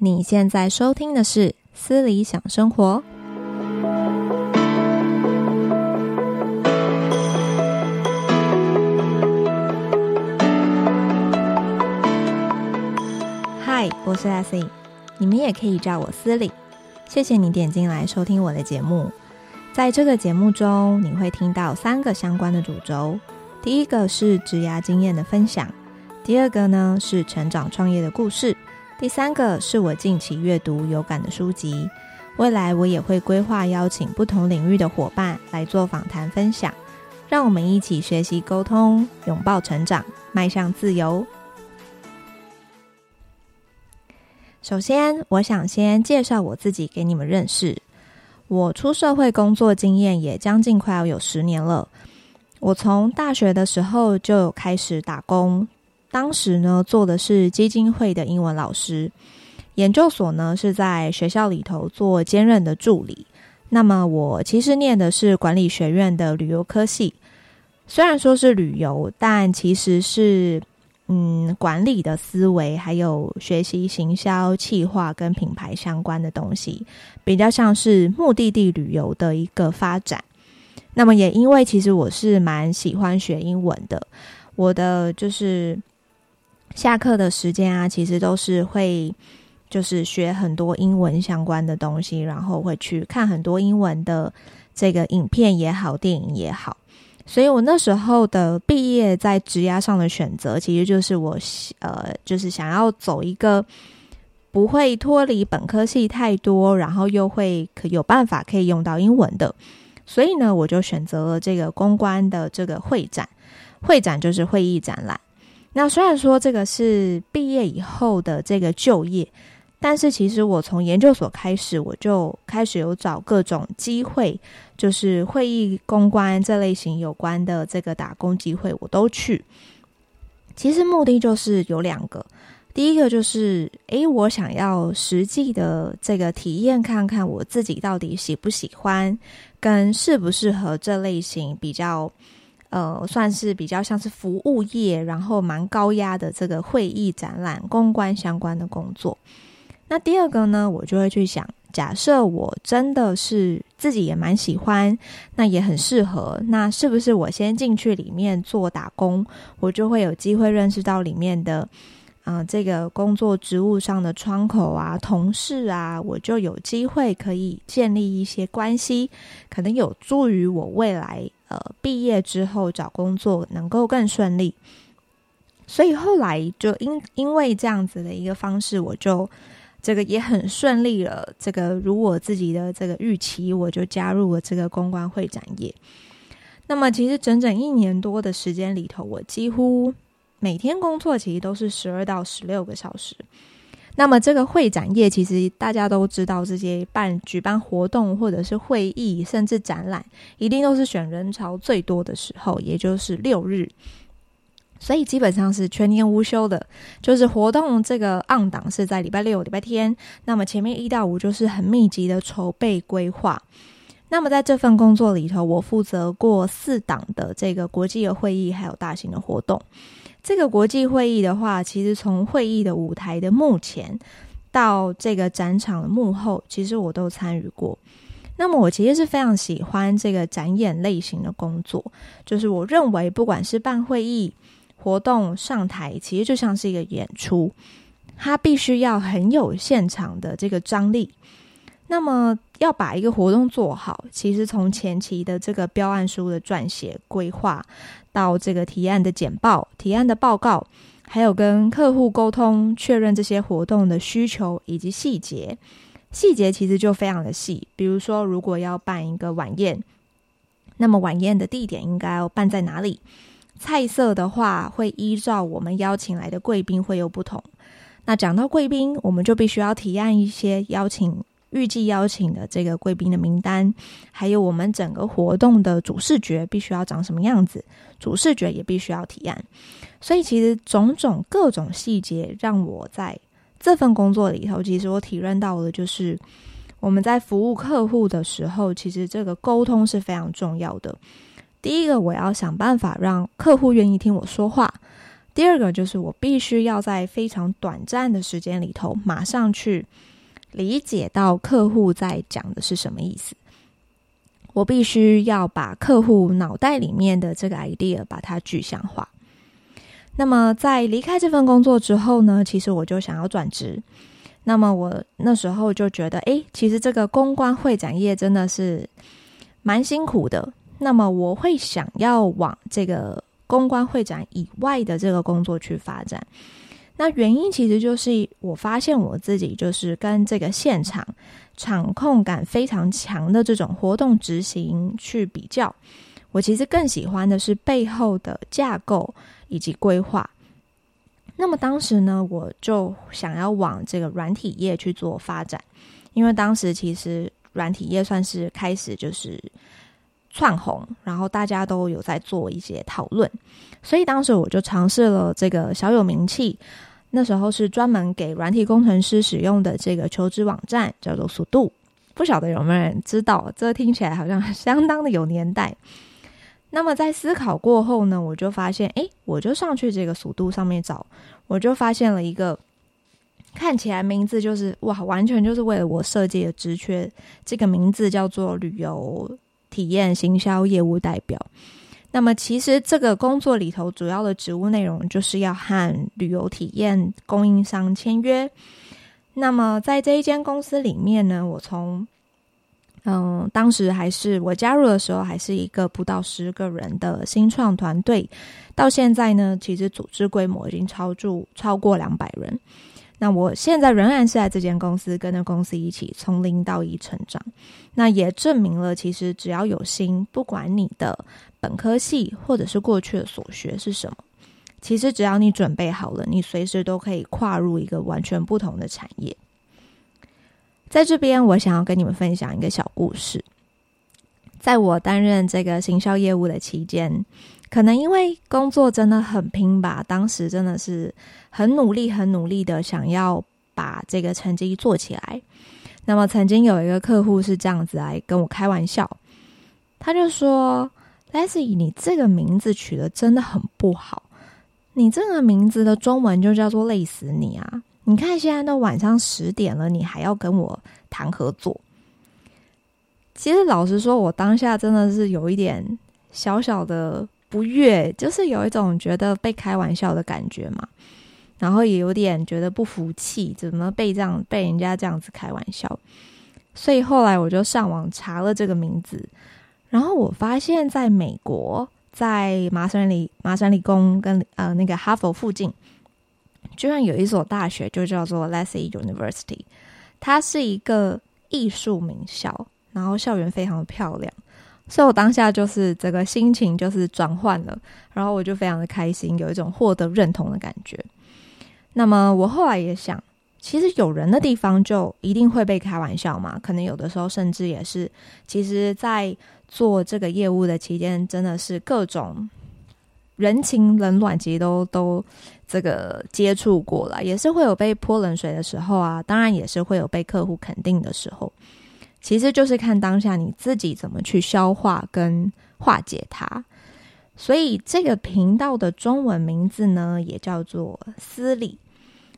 你現在收聽的是《私理想生活》。嗨，我是 Lesley，你們也可以叫我私理。謝謝你點進來收聽我的節目。在這個節目中，你會聽到三個相關的主軸：第一個是職涯經驗的分享；第二個呢是成長創業的故事。第三個是我近期閱讀有感的書籍，未來我也會規劃邀請不同領域的夥伴來做訪談分享，讓我們一起學習溝通，擁抱成長，邁向自由。首先，我想先介紹我自己給你們認識。我出社會工作經驗也將近快要有十年了，我從大學的時候就開始打工。當時呢，做的是基金會的英文老師，研究所呢是在學校裡頭做兼任的助理。那麼我其實念的是管理學院的旅遊科系，雖然說是旅遊，但其實是嗯管理的思維，還有學習行銷、企劃跟品牌相關的東西，比較像是目的地旅遊的一個發展。那麼也因為其實我是蠻喜歡學英文的，我的就是。下課的時間啊，其實都是會就是學很多英文相關的東西，然後會去看很多英文的這個影片，也好，電影也好。所以我那時候的畢業在職涯上的選擇，其實就是我呃，就是想要走一個不會脫離本科系太多，然後又會可有辦法可以用到英文的。所以呢，我就選擇了這個公關的這個會展，會展就是會議展覽。那雖然說這個是畢業以後的這個就業，但是其實我從研究所開始，我就開始有找各種機會，就是會議公關這類型有關的這個打工機會，我都去。其實目的就是有兩個，第一個就是，誒，我想要實際的這個體驗，看看我自己到底喜不喜歡，跟適不適合這類型比較。呃，算是比較像是服務業，然後蠻高壓的這個會議、展覽、公關相關的工作。那第二個呢，我就會去想，假設我真的是自己也蠻喜歡，那也很適合，那是不是我先進去裡面做打工，我就會有機會認識到裡面的啊，呃，這個工作職務上的窗口啊、同事啊，我就有機會可以建立一些關係，可能有助於我未來。呃，畢業之後找工作能夠更順利，所以後來就因因為這樣子的一個方式，我就這個也很順利了。這個如我自己的這個預期，我就加入了這個公關會展業。那麼，其實整整一年多的時間裡頭，我幾乎每天工作其實都是十二到十六個小時。那麼這個會展業，其實大家都知道，這些辦舉辦活動或者是會議，甚至展覽，一定都是選人潮最多的時候，也就是六日。所以基本上是全年無休的，就是活動這個檔檔是在禮拜六、禮拜天。那麼前面一到五就是很密集的籌備規劃。那麼在這份工作裡頭，我負責過四檔的這個國際的會議，還有大型的活動。這個國際會議的話，其實從會議的舞台的幕前到這個展場的幕後，其實我都參與過。那麼，我其實是非常喜歡這個展演類型的工作，就是我認為，不管是辦會議活動、上台，其實就像是一個演出，它必須要很有現場的這個張力。那麼要把一個活動做好，其實從前期的這個標案書的撰寫、規劃，到這個提案的簡報、提案的報告，還有跟客戶溝通確認這些活動的需求以及細節，細節其實就非常的細。比如說，如果要辦一個晚宴，那麼晚宴的地點應該要辦在哪裡？菜色的話，會依照我們邀請來的貴賓會有不同。那講到貴賓，我們就必須要提案一些邀請。預計邀請的這個貴賓的名單，還有我們整個活動的主視覺必須要長什麼樣子，主視覺也必須要提案。所以，其實種種各種細節讓我在這份工作裡頭，其實我體認到的就是，我們在服務客戶的時候，其實這個溝通是非常重要的。第一個，我要想辦法讓客戶願意聽我說話；第二個，就是我必須要在非常短暫的時間裡頭馬上去。理解到客戶在講的是什麼意思，我必須要把客戶腦袋裡面的這個 idea 把它具象化。那麼在離開這份工作之後呢，其實我就想要轉職。那麼我那時候就覺得，誒，其實這個公關會展業真的是蠻辛苦的。那麼我會想要往這個公關會展以外的這個工作去發展。那原因其實就是，我發現我自己就是跟這個現場場控感非常強的這種活動執行去比較，我其實更喜歡的是背後的架構以及規劃。那麼當時呢，我就想要往這個軟體業去做發展，因為當時其實軟體業算是開始就是。竄紅，然後大家都有在做一些討論，所以當時我就嘗試了這個小有名氣，那時候是專門給軟體工程師使用的這個求職網站，叫做速度。不曉得有沒有人知道，這聽起來好像相當的有年代。那麼在思考過後呢，我就發現，誒，我就上去這個速度上面找，我就發現了一個看起來名字就是哇，完全就是為了我設計的職缺，這個名字叫做旅遊體驗行銷業務代表。那麼，其實這個工作裡頭主要的職務內容就是要和旅遊體驗供應商簽約。那麼，在這一間公司裡面呢，我從嗯、呃，當時還是我加入的時候，還是一個不到十個人的新創團隊，到現在呢，其實組織規模已經超住超過兩百人。那我現在仍然是在這間公司，跟着公司一起從零到一成長。那也證明了，其實只要有心，不管你的本科系或者是過去的所學是什麼，其實只要你準備好了，你隨時都可以跨入一個完全不同的產業。在這邊，我想要跟你們分享一個小故事，在我擔任這個行銷業務的期間。可能因為工作真的很拼吧，當時真的是很努力、很努力的想要把這個成績做起來。那麼曾經有一個客戶是這樣子來跟我開玩笑，他就說：「Lesley，你這個名字取得真的很不好，你這個名字的中文就叫做累死你啊！你看現在都晚上十點了，你還要跟我談合作。」其實老實說，我當下真的是有一點小小的。不悅，就是有一種覺得被開玩笑的感覺嘛，然後也有點覺得不服氣，怎麼被這樣被人家這樣子開玩笑？所以後來我就上網查了這個名字，然後我發現，在美國，在麻省理，麻省理工跟呃那個哈佛附近，居然有一所大學就叫做 Lesley University，它是一個藝術名校，然後校園非常的漂亮。所以我當下就是這個心情就是轉換了，然後我就非常的開心，有一種獲得認同的感覺。那麼我後來也想，其實有人的地方就一定會被開玩笑嘛，可能有的時候甚至也是。其實，在做這個業務的期間，真的是各種人情冷暖，其實都都這個接觸過了，也是會有被潑冷水的時候啊，當然也是會有被客戶肯定的時候。其實就是看當下你自己怎麼去消化跟化解它。所以這個頻道的中文名字呢，也叫做“思理”。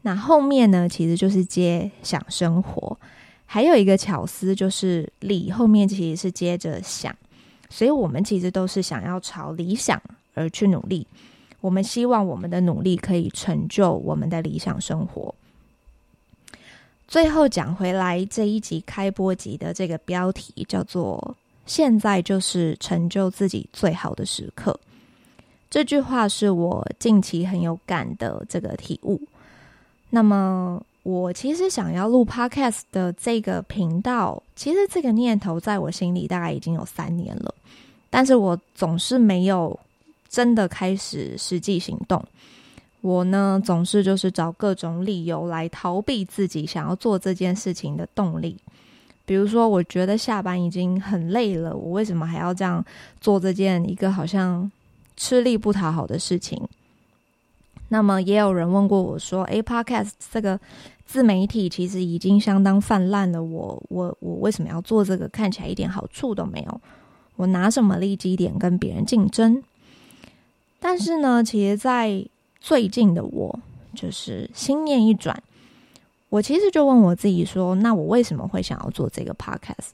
那後面呢，其實就是接“想生活”。還有一個巧思就是“理”，後面其實是接着“想”，所以我們其實都是想要朝理想而去努力。我們希望我們的努力可以成就我們的理想生活。最後講回來，這一集開播集的這個標題叫做“現在就是成就自己最好的時刻”。這句話是我近期很有感的這個體悟。那麼，我其實想要錄 Podcast 的這個頻道，其實這個念頭在我心裡大概已經有三年了，但是我總是沒有真的開始實際行動。我呢，總是就是找各種理由來逃避自己想要做這件事情的動力。比如說，我覺得下班已經很累了，我為什麼還要這樣做這件一個好像吃力不討好的事情？那麼也有人問過我說：“ 欸，Podcast 這個自媒體其實已經相當氾濫了，我我我為什麼要做這個？看起來一點好處都沒有，我拿什麼立基點跟別人競爭？”但是呢，其實，在最近的我就是心念一轉，我其實就問我自己說：“那我為什麼會想要做這個 podcast？”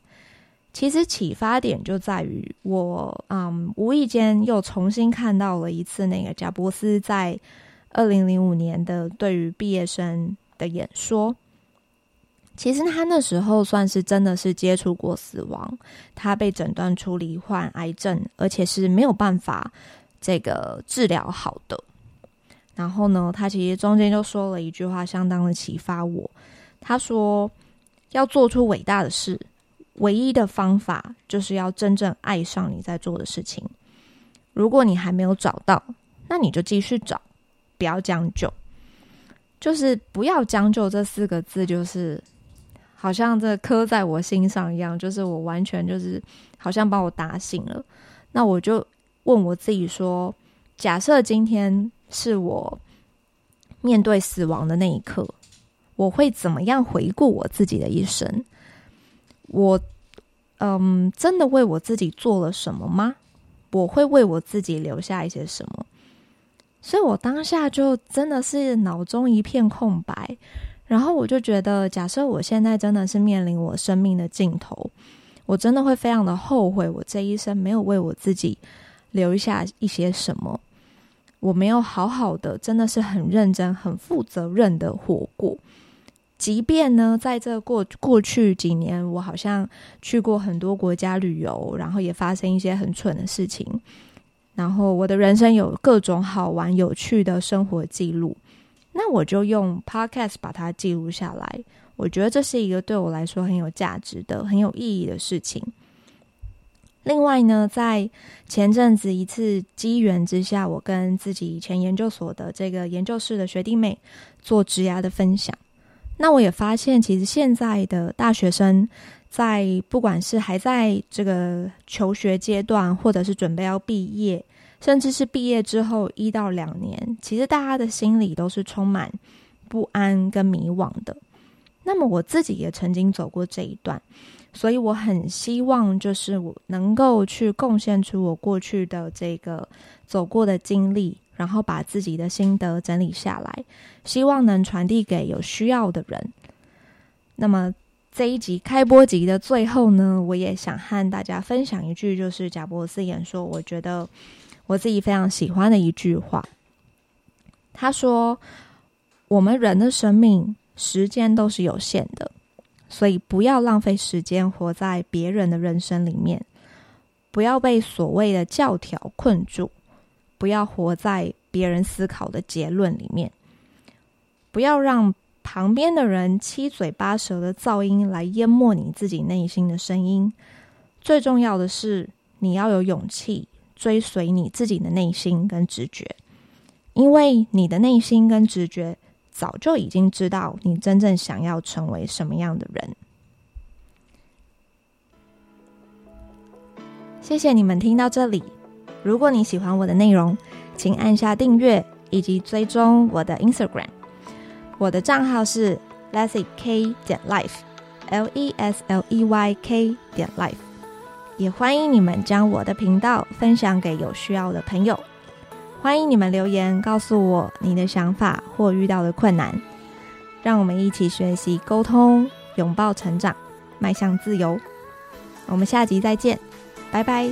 其實啟發點就在於我嗯，無意間又重新看到了一次那個賈伯斯在二零零五年的對於畢業生的演說。其實他那時候算是真的是接觸過死亡，他被診斷出罹患癌症，而且是沒有辦法這個治療好的。然後呢，他其實中間就說了一句話，相當的啟發我。他說：“要做出偉大的事，唯一的方法就是要真正愛上你在做的事情。如果你還沒有找到，那你就繼續找，不要將就。”就是不要將就這四個字，就是好像這刻在我心上一樣，就是我完全就是好像把我打醒了。那我就問我自己說：假設今天是我面對死亡的那一刻，我會怎麼樣回顧我自己的一生？我嗯，真的為我自己做了什麼嗎？我會為我自己留下一些什麼？所以，我當下就真的是腦中一片空白。然後，我就覺得，假設我現在真的是面臨我生命的盡頭，我真的會非常的後悔，我這一生沒有為我自己留下一些什麼。我沒有好好的，真的是很認真、很負責任的活過。即便呢，在這過過去幾年，我好像去過很多國家旅遊，然後也發生一些很蠢的事情，然後我的人生有各種好玩、有趣的生活記錄，那我就用 Podcast 把它記錄下來。我覺得這是一個對我來說很有價值的、很有意義的事情。另外呢，在前陣子一次機緣之下，我跟自己以前研究所的這個研究室的學弟妹做職涯的分享，那我也發現，其實現在的大學生在，在不管是還在這個求學階段，或者是準備要畢業，甚至是畢業之後一到兩年，其實大家的心裡都是充滿不安跟迷惘的。那麼我自己也曾經走過這一段。所以我很希望，就是我能夠去貢獻出我過去的這個走過的經歷，然後把自己的心得整理下來，希望能傳遞給有需要的人。那麼這一集開播集的最後呢，我也想和大家分享一句，就是賈伯斯演說，我覺得我自己非常喜歡的一句話。他說：“我們人的生命時間都是有限的。”所以，不要浪費時間活在別人的人生裡面，不要被所謂的教條困住，不要活在別人思考的結論裡面，不要讓旁邊的人七嘴八舌的噪音來淹沒你自己內心的聲音。最重要的是，你要有勇氣追隨你自己的內心跟直覺，因為你的內心跟直覺。早就已經知道你真正想要成為什麼樣的人。謝謝你們聽到這裡。如果你喜歡我的內容，請按下訂閱以及追蹤我的 Instagram。我的賬號是 Lesley K 點 Life，L E S L E Y K 點 Life。也歡迎你們將我的頻道分享給有需要的朋友。歡迎你們留言告訴我你的想法或遇到的困難，讓我們一起學習溝通，擁抱成長，邁向自由。我們下集再見，拜拜。